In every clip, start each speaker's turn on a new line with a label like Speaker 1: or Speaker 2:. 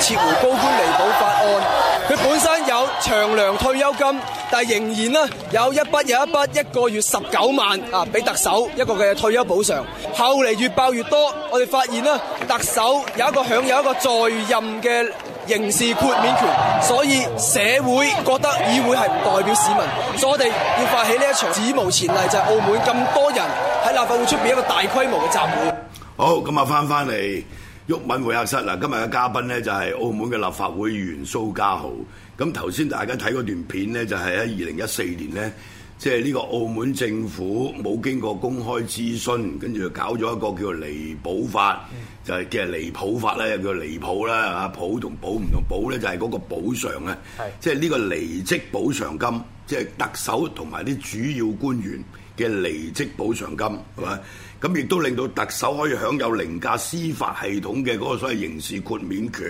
Speaker 1: 撤回高官離補法案，佢本身有長糧退休金，但係仍然呢有一筆又一筆，一個月十九萬啊，俾特首一個嘅退休補償。後嚟越爆越多，我哋發現呢，特首有一個享有一個在任嘅刑事豁免權，所以社會覺得議會係唔代表市民，所以我哋要發起呢一場史無前例，就係澳門咁多人喺立法會出邊一個大規模嘅集會。
Speaker 2: 好，咁啊翻返嚟。毓民會客室嗱，今日嘅嘉賓咧就係澳門嘅立法會議員蘇嘉豪。咁頭先大家睇嗰段片咧，就係喺二零一四年咧，即係呢個澳門政府冇經過公開諮詢，跟住搞咗一個叫做離譜法，就係、是、嘅離譜法咧，又叫離譜啦嚇，譜同補唔同補咧，譜譜譜譜就係嗰個補償咧，即係呢個離職補償金，即、就、係、是、特首同埋啲主要官員。嘅離職補償金，係嘛？咁亦都令到特首可以享有凌駕司法系統嘅嗰個所謂刑事豁免權，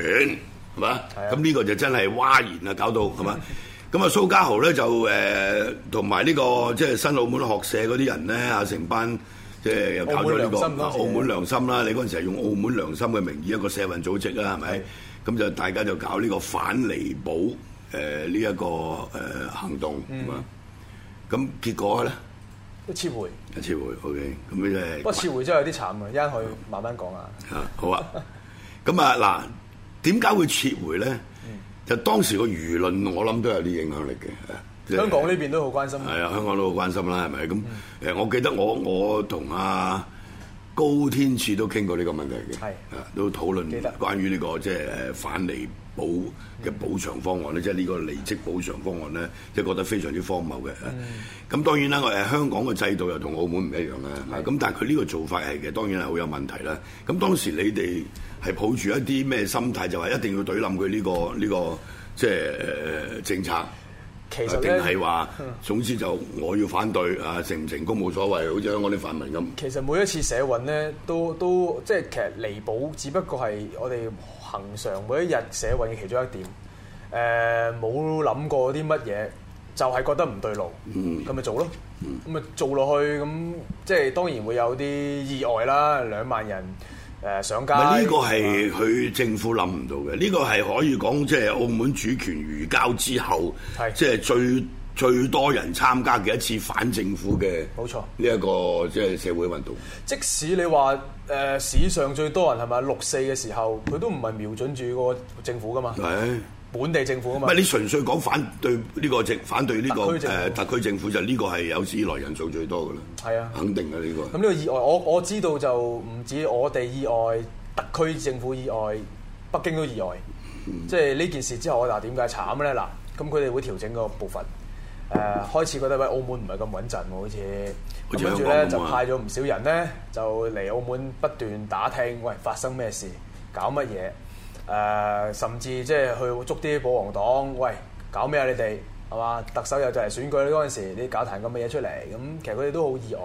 Speaker 2: 係嘛？咁呢是、啊、個就真係嘩然啊，搞到係嘛？咁啊，嗯嗯、蘇嘉豪咧就同埋呢個即係、就是、新澳門學社嗰啲人咧啊，成班即係、就是、又搞咗呢、這個澳門良心啦、啊。你嗰陣時係用澳門良心嘅名義一個社運組織啦，係咪？咁是、啊、就大家就搞呢個反離補呢一個、呃、行動，咁、嗯、結果咧？嗯
Speaker 1: 一撤
Speaker 2: 回，一撤回，OK。咁呢啲係不過撤回真係有
Speaker 1: 啲慘啊，
Speaker 2: 一陣去慢慢講啊。嚇，好啊。咁啊，嗱，點解會撤回咧？就當時個輿論，我諗都有啲影響力嘅。香港呢邊都好關心。係啊，香港都好關心啦，係咪？咁誒，我記得我我同阿高天賜都傾過呢個問題嘅。係啊，都討論關於呢個即係誒反離保嘅補償方案咧，嗯、即係呢個離職補償方案咧，即係覺得非常之荒謬嘅。咁、嗯、當然啦，誒香港嘅制度又同澳門唔一樣啊。咁是但係佢呢個做法係嘅，當然係好有問題啦。咁當時你哋係抱住一啲咩心態，就係一定要懟冧佢呢個呢、呢個即係、就係呃、政策？其實定係話，嗯、總之就我要反對，啊成唔成功冇所謂，好似我啲泛民咁。
Speaker 1: 其實每一次社運咧，都都即係其實彌補，只不過係我哋恆常每一日社運嘅其中一點。誒冇諗過啲乜嘢，就係、是、覺得唔對路，咁咪、嗯、做咯。咁咪、嗯、做落去，咁即係當然會有啲意外啦。兩萬人。誒，上街，呢、這個係
Speaker 2: 佢政府諗唔到嘅。呢、啊、個係可以講即係澳門主權移交之後，即係是最最多人參加嘅
Speaker 1: 一次反政府嘅、這個，冇錯錯。呢一個即係社會運動。即使你話誒、呃、史上最多人係咪六四嘅時候，佢都唔係瞄準住個政府㗎嘛。本地政府啊嘛，唔你
Speaker 2: 純粹講反對呢、這個政，反對呢、這個誒特區政府、呃、區政府就呢個係有史以來人數最多嘅啦。係是啊，肯定嘅呢、這個、
Speaker 1: 嗯。咁呢個意外，我我知道就唔止我哋意外，特區政府意外，北京都意外。嗯、即係呢件事之後，就點解慘咧？嗱，咁佢哋會調整個部分，誒、呃、開始覺得喂，澳門唔係咁穩陣喎，好似跟住咧就派咗唔少人咧就嚟澳門不斷打聽喂，發生咩事，搞乜嘢。誒，甚至即係去捉啲保皇黨，喂，搞咩啊你哋係嘛？特首又就係選舉嗰陣時，你搞彈咁嘅嘢出嚟，咁其實佢哋都好意外。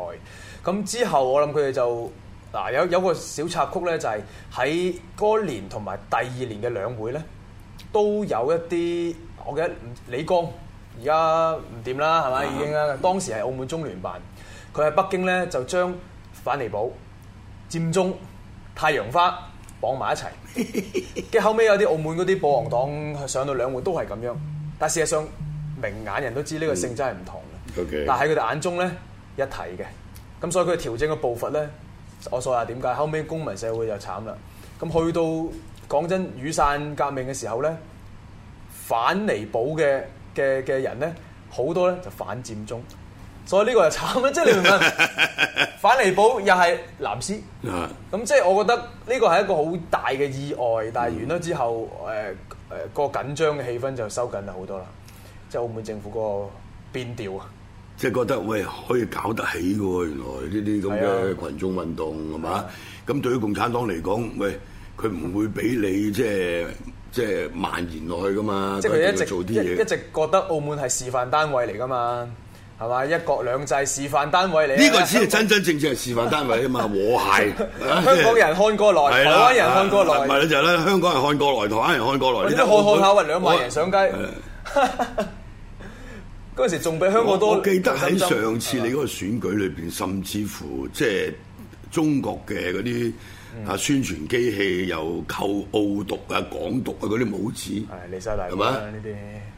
Speaker 1: 咁之後我諗佢哋就嗱有有個小插曲咧，就係喺嗰年同埋第二年嘅兩會咧，都有一啲我記得李剛，而家唔掂啦，係咪？已經。當時係澳門中聯辦，佢喺北京咧就將反離補佔中、太陽花。綁埋一齊，跟住後尾有啲澳門嗰啲保皇黨上到兩會都係咁樣，但事實上明眼人都知呢個性質係唔同嘅。嗯 okay、但喺佢哋眼中咧，一體嘅，咁所以佢調整嘅步伐咧，我所話點解後尾公民社會就慘啦，咁去到講真雨傘革命嘅時候咧，反離補嘅嘅嘅人咧，好多咧就反佔中。所以呢個又慘啦，即係你明唔 反離保又係藍絲，咁 即係我覺得呢個係一個好大嘅意外。但係完咗之後，誒誒、嗯呃那個緊張嘅氣氛就收緊咗好多啦。即係澳門政府個變調啊，
Speaker 2: 即係覺得喂可以搞得起喎，原來呢啲咁嘅群眾運動係嘛？咁對於共產黨嚟講，喂佢唔會俾你即係即係蔓延落去㗎嘛？即係佢一直做啲嘢，一直
Speaker 1: 覺得澳門係示範單位嚟㗎嘛？係嘛，一國兩制示範單位嚟，呢個只
Speaker 2: 係真真正正係示範單位啊嘛，和諧。香港人
Speaker 1: 看過來，台灣人看過來。唔係咧
Speaker 2: 就係咧，香港人看過來，台灣人看過
Speaker 1: 來。你都看看下，喂，兩萬人上街，嗰陣時仲比香港多。我記得喺上次你
Speaker 2: 嗰個選舉裏邊，甚至乎即係中國嘅嗰啲啊宣傳機器，又扣澳獨啊、港獨啊嗰啲帽子，係李家大，係嘛呢啲。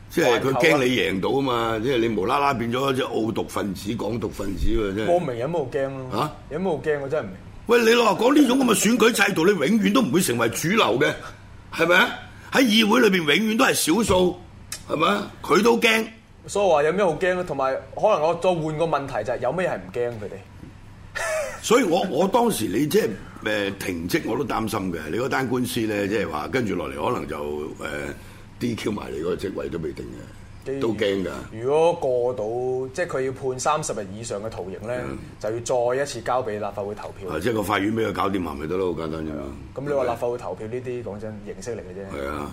Speaker 1: 即係佢驚你
Speaker 2: 贏到啊嘛！啊，即係你無啦啦變咗隻澳獨分子、港獨分子嘅啫。係有有！我明、
Speaker 1: 啊、有咩好驚咯？吓，有咩好驚？我真係唔明。
Speaker 2: 喂，你話講呢種咁嘅選舉制度， 你永遠都唔會成為主流嘅，係咪啊？喺議會裏邊永遠都係少數，係咪啊？佢都驚，
Speaker 1: 所以話有咩好驚咧？同埋可能我再換個問題就係，有咩係唔驚佢哋？
Speaker 2: 所以我我當時你即係誒停職我都擔心嘅，你嗰單官司咧即係話跟住落嚟可能就誒。呃 DQ 埋嚟嗰個職位都未定嘅，都驚㗎。
Speaker 1: 如果過到，即係佢要判三十日以上嘅徒刑咧，的就要再一次交俾立法會投票。即係個
Speaker 2: 法院俾佢搞掂咪得咯，好簡單啫。
Speaker 1: 咁你話立法會投票呢啲講真形式嚟嘅
Speaker 2: 啫。係啊，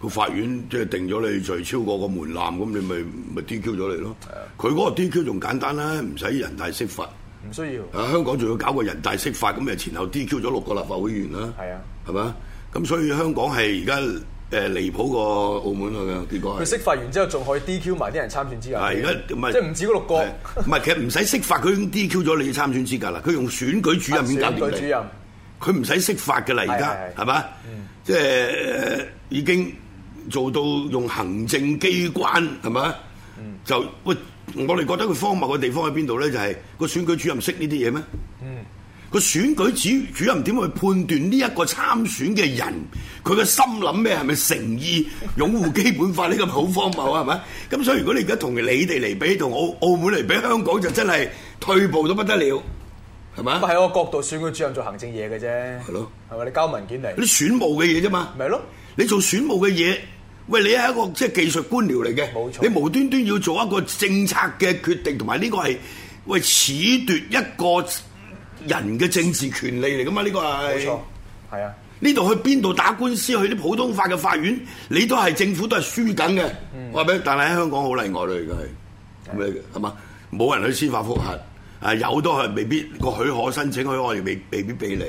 Speaker 2: 個法院即係定咗你罪超過個門檻，咁你咪咪 DQ 咗你咯。佢嗰的個 DQ 仲簡單啦，唔使人大釋法。唔需要。啊，香港仲要搞個人大釋法，咁咪前後 DQ 咗六個立法會員啦。係啊的。係嘛？咁所以香港係而家。誒，離譜過澳門嘅結果，佢
Speaker 1: 釋法完之後仲可以 DQ 埋啲人參選資格。係而
Speaker 2: 家唔係，即係唔止嗰六個。唔係，其實唔使釋法，佢已經 DQ 咗你嘅參選資格啦。佢用選舉主任點搞掂佢？選舉主任，佢唔使釋法嘅啦。而家係咪？即係已經做到用行政機關係咪，嗯？就喂，我哋覺得佢荒謬嘅地方喺邊度咧？就係個選舉主任識呢啲嘢咩？嗯。個選舉主主任點去判斷，呢一個參選嘅人佢嘅心諗咩，係咪誠意擁護基本法呢？咁好荒謬，係咪？咁所以如果你而家同你哋嚟比，同澳澳門嚟比香港就真係退步都不得了，係咪啊？喺個角度選舉主
Speaker 1: 任做行政嘢嘅啫，係咯的，係咪你交文件嚟？你是選務嘅嘢啫嘛，咪咯的？你做選務
Speaker 2: 嘅嘢，喂，你係一個即係技術官僚嚟嘅，冇錯錯。你無端端要做一個政策嘅決定，同埋呢個係喂褫奪一個。人嘅政治權利嚟噶嘛？呢、呢個係冇錯，係啊！呢度去邊度打官司？去啲普通法嘅法院，你都係政府都係輸緊嘅。嗯、我話俾你但係喺香港好例外咯，而家係咁嘅嘛？冇人去司法覆核，啊有都係未必個許可申請，佢我哋未未，未必俾你，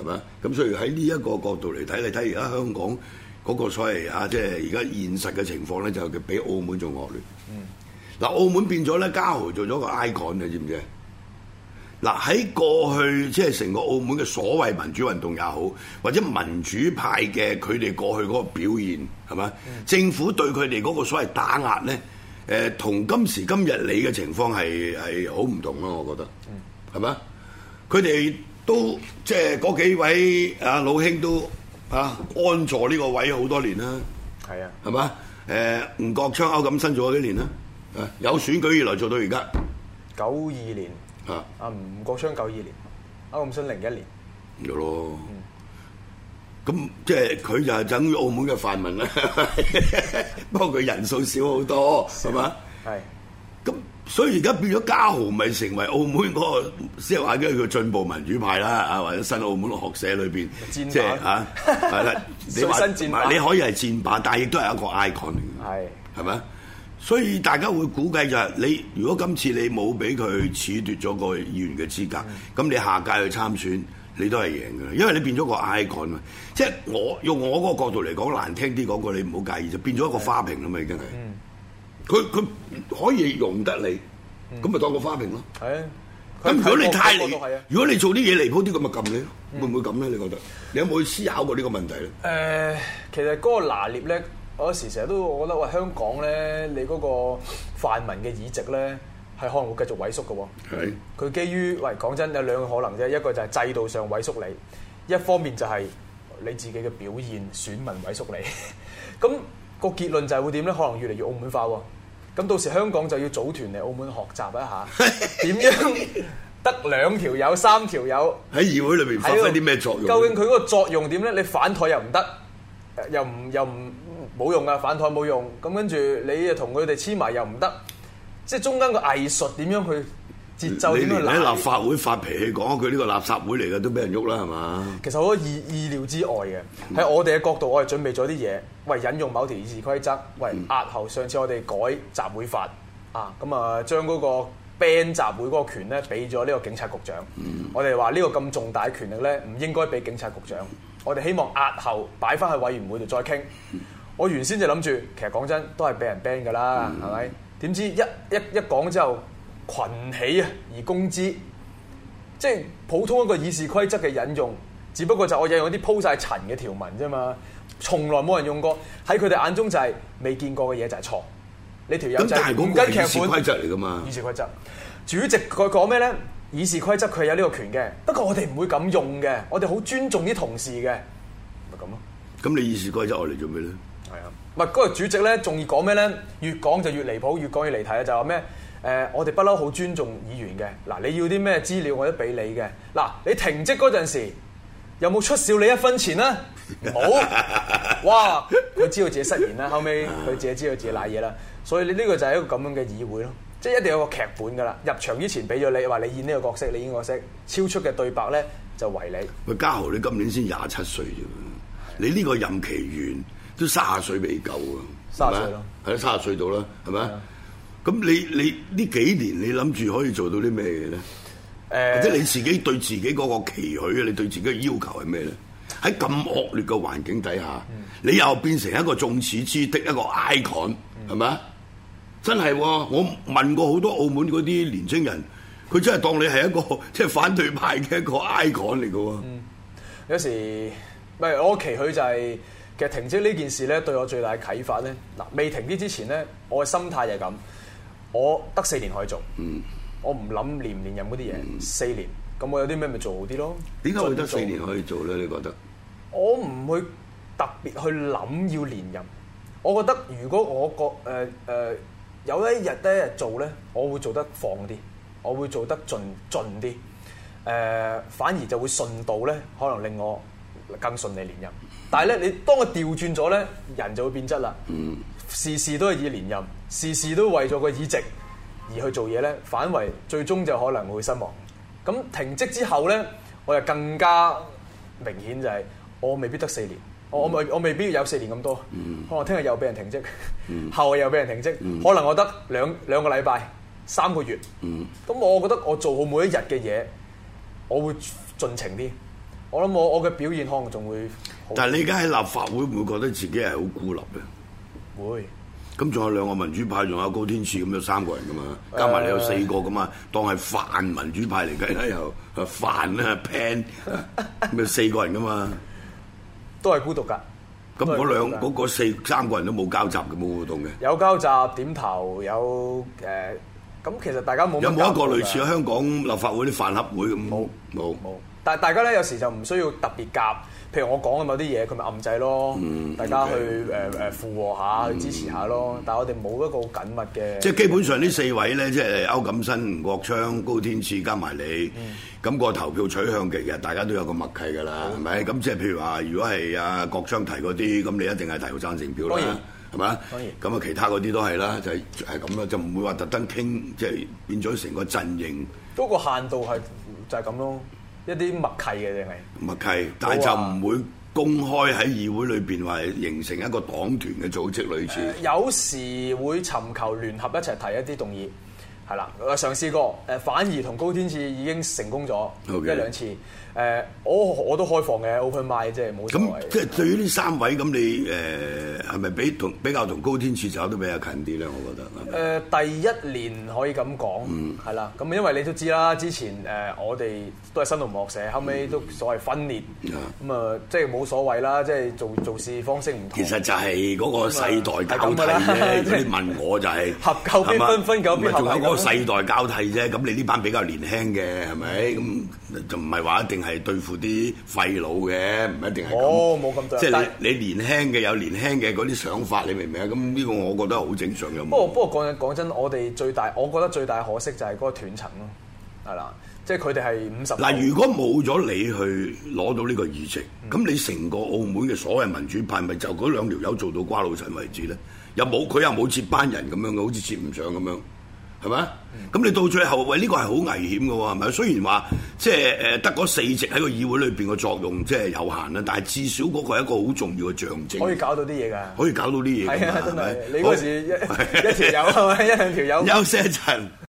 Speaker 2: 係嘛？咁、嗯、所以喺呢一個角度嚟睇，你睇而家香港嗰個所謂啊，即係而家現實嘅情況咧，就叫比澳門仲惡劣。嗱，嗯、澳門變咗咧，嘉豪做咗個 icon，你知唔知？嗱，喺過去即係成個澳門嘅所謂民主運動也好，或者民主派嘅佢哋過去嗰個表現係咪？嗯、政府對佢哋嗰個所謂打壓咧，誒、呃、同今時今日你嘅情況係係好唔同咯，我覺得係咪？佢哋、嗯、都即係嗰幾位啊老兄都啊安坐呢個位好多年啦，係是啊，係、呃、嘛？誒吳國昌、歐錦新做咗幾年啦，誒有選舉以來做到而家
Speaker 1: 九二年。啊！啊吳國昌九二年，啊我唔信零一年的，
Speaker 2: 咁咯、嗯。咁即係佢就係等於澳門嘅泛民啦、啊。 不過佢人數少好多，係嘛？係。咁所以而家變咗嘉豪，咪成為澳門嗰、那個即係話叫佢進步民主派啦。啊，或者新澳門學社裏邊，戰馬 即係啊，係啦 說。你話你可以係戰霸，但係亦都係一個 icon 嚟嘅。係，係咪所以大家會估計就係你，如果今次你冇俾佢褫奪咗個議員嘅資格，咁、嗯嗯嗯、你下屆去參選，你都係贏㗎喇，因為你變咗個 icon 嘛。即、就、係、是、我用我嗰個角度嚟講，難聽啲講句，你唔好介意就變咗一個花瓶啦嘛，已經係。佢佢可以容得你，咁咪當個花瓶咯。係
Speaker 1: 啊。咁如果你太離，啊嗯、
Speaker 2: 如果你做啲嘢離譜啲，咁咪撳你咯。會唔會咁咧？你覺得？你有冇去思考過呢個問題
Speaker 1: 咧？誒，其實嗰個拿捏咧。我有時成日都，我覺得喂香港咧，你嗰個泛民嘅議席咧，係可能會繼續萎縮嘅、哦。係是的，佢基於喂講真，有兩個可能啫，一個就係制度上萎縮你，一方面就係你自己嘅表現，選民萎縮你。咁、 那個結論就係會點咧？可能越嚟越澳門化、哦。咁到時香港就要組團嚟澳門學習一下，點 樣得兩條友、三條友喺議
Speaker 2: 會裏邊發揮啲咩作用？在究竟
Speaker 1: 佢嗰個作用點咧？你反台又唔得，又唔又唔。冇用噶，反台冇用。咁跟住你又同佢哋黐埋又唔得，即係中間個藝術點樣去節奏點去攔？你喺立
Speaker 2: 法會發脾氣，講佢呢個垃圾會嚟嘅都俾人喐啦，係嘛？其
Speaker 1: 實好多意意料之外嘅，喺我哋嘅角度，我哋準備咗啲嘢。喂，引用某條議事規則，喂押後上次我哋改集會法啊，咁啊將嗰個 ban 集會嗰個權咧俾咗呢個警察局長。嗯、我哋話呢個咁重大嘅權力咧，唔應該俾警察局長。我哋希望押後擺翻去委員會度再傾。嗯我原先就諗住，其實講真都係俾人 ban 噶啦，係咪、嗯？點知一一一講之後群起啊，而攻之，即係普通一個議事規則嘅引用，只不過就我引用一啲鋪晒塵嘅條文啫嘛，從來冇人用過。喺佢哋眼中就係、是、未見過嘅嘢就係錯。你條友真唔跟劇本規則議事規則嚟噶嘛？議事規則，主席佢講咩咧？議事規則佢有呢個權嘅，不過我哋唔會咁用嘅，我哋好尊重啲同事嘅。咪咁咯？
Speaker 2: 咁你議事規則我嚟做咩咧？
Speaker 1: 係啊，唔係嗰個主席咧，仲要講咩咧？越講就越離譜，越講越離題啊！就話咩？誒、呃，我哋不嬲好尊重議員嘅。嗱，你要啲咩資料我給，我都俾你嘅。嗱，你停職嗰陣時，有冇出少你一分錢咧？冇。哇！佢知道自己失言啦，後尾佢自己知道自己賴嘢啦。所以你呢個就係一個咁樣嘅議會咯，即、就、係、是、一定有一個劇本噶啦。入場之前俾咗你話你演呢個角色，你應該識超出嘅對白咧，就為你。
Speaker 2: 喂，嘉豪，你今年先廿七歲啫，你呢個任期完。都卅歲未夠啊！卅歲咯，喺卅歲度啦，係咪？咁、嗯、吧你你呢幾年你諗住可以做到啲咩嘢咧？或者、欸、你自己對自己嗰個期許啊？你對自己嘅要求係咩咧？喺咁惡劣嘅環境底下，嗯、你又變成一個眾矢之的，一個 icon，係咪、嗯、真係、哦，我問過好多澳門嗰啲年青人，佢真係當你係一個即係、就是、反對派嘅一個 icon 嚟㗎、啊嗯。有
Speaker 1: 時唔係，我個期許就係、是。其實停職呢件事咧，對我最大嘅啟發咧，嗱未停職之前咧，我嘅心態係咁，我得四年可以做嗯，我唔諗連唔連任嗰啲嘢，四年，咁我有啲咩咪做好啲咯？點解會得四年
Speaker 2: 可以做咧？你覺得？
Speaker 1: 我唔會特別去諗要連任，我覺得如果我覺誒誒有一日咧做咧，我會做得放啲，我會做得盡盡啲，誒反而就會順道咧，可能令我更順利連任。但係咧，你當我調轉咗咧，人就會變質啦。事、嗯、事都係以連任，事事都為咗個議席而去做嘢咧，反為最終就可能會失望。咁停職之後咧，我又更加明顯就係我未必得四年，嗯、我未我未必有四年咁多，嗯、可能聽日又俾人停職，嗯、後日又俾人停職，嗯、可能我得兩兩個禮拜、三個月。咁、嗯、我覺得我做好每一日嘅嘢，我會盡情啲。我諗我我嘅表現可能仲會。但係你而家喺
Speaker 2: 立法會，唔會覺得自己係好孤立嘅？
Speaker 1: 會。
Speaker 2: 咁仲有兩個民主派，仲有高天賜咁有三個人噶嘛？加埋你有四個噶嘛？欸、當係泛民主派嚟嘅啦，又泛啊 pan，咩四個人噶嘛？
Speaker 1: 都係孤獨㗎。咁嗰兩嗰個
Speaker 2: 四三個人都冇交集嘅，冇互動嘅。
Speaker 1: 有交集，點頭有誒。咁其實大家冇。有冇一個類似
Speaker 2: 香港立法會啲飯盒會咁？冇冇冇。
Speaker 1: 但係大家咧，有時就唔需要特別夾。譬如我講嘅某啲嘢，佢咪暗制咯，嗯、大家去誒誒、嗯、附和下，嗯、去支持一下咯。但係我哋冇一個緊密嘅。即係基本
Speaker 2: 上呢四位咧，嗯、即係歐錦新、吳國昌、高天賜加埋你，咁、嗯、個投票取向其實大家都有個默契㗎啦，係咪好？咁即係譬如話，如果係啊國昌提嗰啲，咁你一定係提贊成票啦，係咪？當然，咁啊吧然其他嗰啲都係啦，就係係咁啦，就唔會話特登傾，即、就、係、是、變咗成個陣營。
Speaker 1: 嗰個限度係就係咁咯。一啲默契嘅，定
Speaker 2: 係默契，但係就唔會公開喺議會裏邊話形成一個黨團嘅組織類似、呃。
Speaker 1: 有時會尋求聯合一齊提一啲動議，係啦，我嘗試過誒，反而同高天賜已經成功咗的一兩次。誒，我我都開放嘅，open mic 啫，冇所
Speaker 2: 謂。咁即係對於呢三位咁，你誒係咪比同比較同高天賜走都比較近啲咧？我覺得
Speaker 1: 誒，第一年可以咁講，係啦。咁因為你都知啦，之前誒我哋都係新澳門學社，後尾都所謂分裂，
Speaker 2: 咁
Speaker 1: 啊，即係冇所謂啦，即係做做事方式唔同。
Speaker 2: 其實就係嗰個世代交替咧。你問我就係合鳩分分分仲有嗰個世代交替啫。咁你呢班比較年輕嘅係咪咁？就唔係話一定係對付啲廢老嘅，唔一定係咁。哦、即係你但你年輕嘅有年輕嘅嗰啲想法，你明唔明啊？咁呢個我覺得好正常嘅。不過
Speaker 1: 不過講講真，我哋最大，我覺得最大可惜就係嗰個斷層咯，係啦，即係佢哋係五十。嗱，如果
Speaker 2: 冇咗你去攞到呢個議席，咁、嗯、你成個澳門嘅所謂民主派，咪就嗰兩條友做到瓜老襯為止咧？又冇佢又冇接班人咁樣嘅，好似接唔上咁樣。係嘛？咁你到最後喂呢、這個係好危險嘅喎，係咪雖然話即係誒得嗰四席喺個議會裏邊個作用即係有限啦，但係至少嗰個一個好重要嘅象徵可以搞
Speaker 1: 到啲嘢㗎。可以搞到啲嘢㗎。啊的，真係。的的你嗰時好一一條友係咪？一兩條友。休息 一陣。一一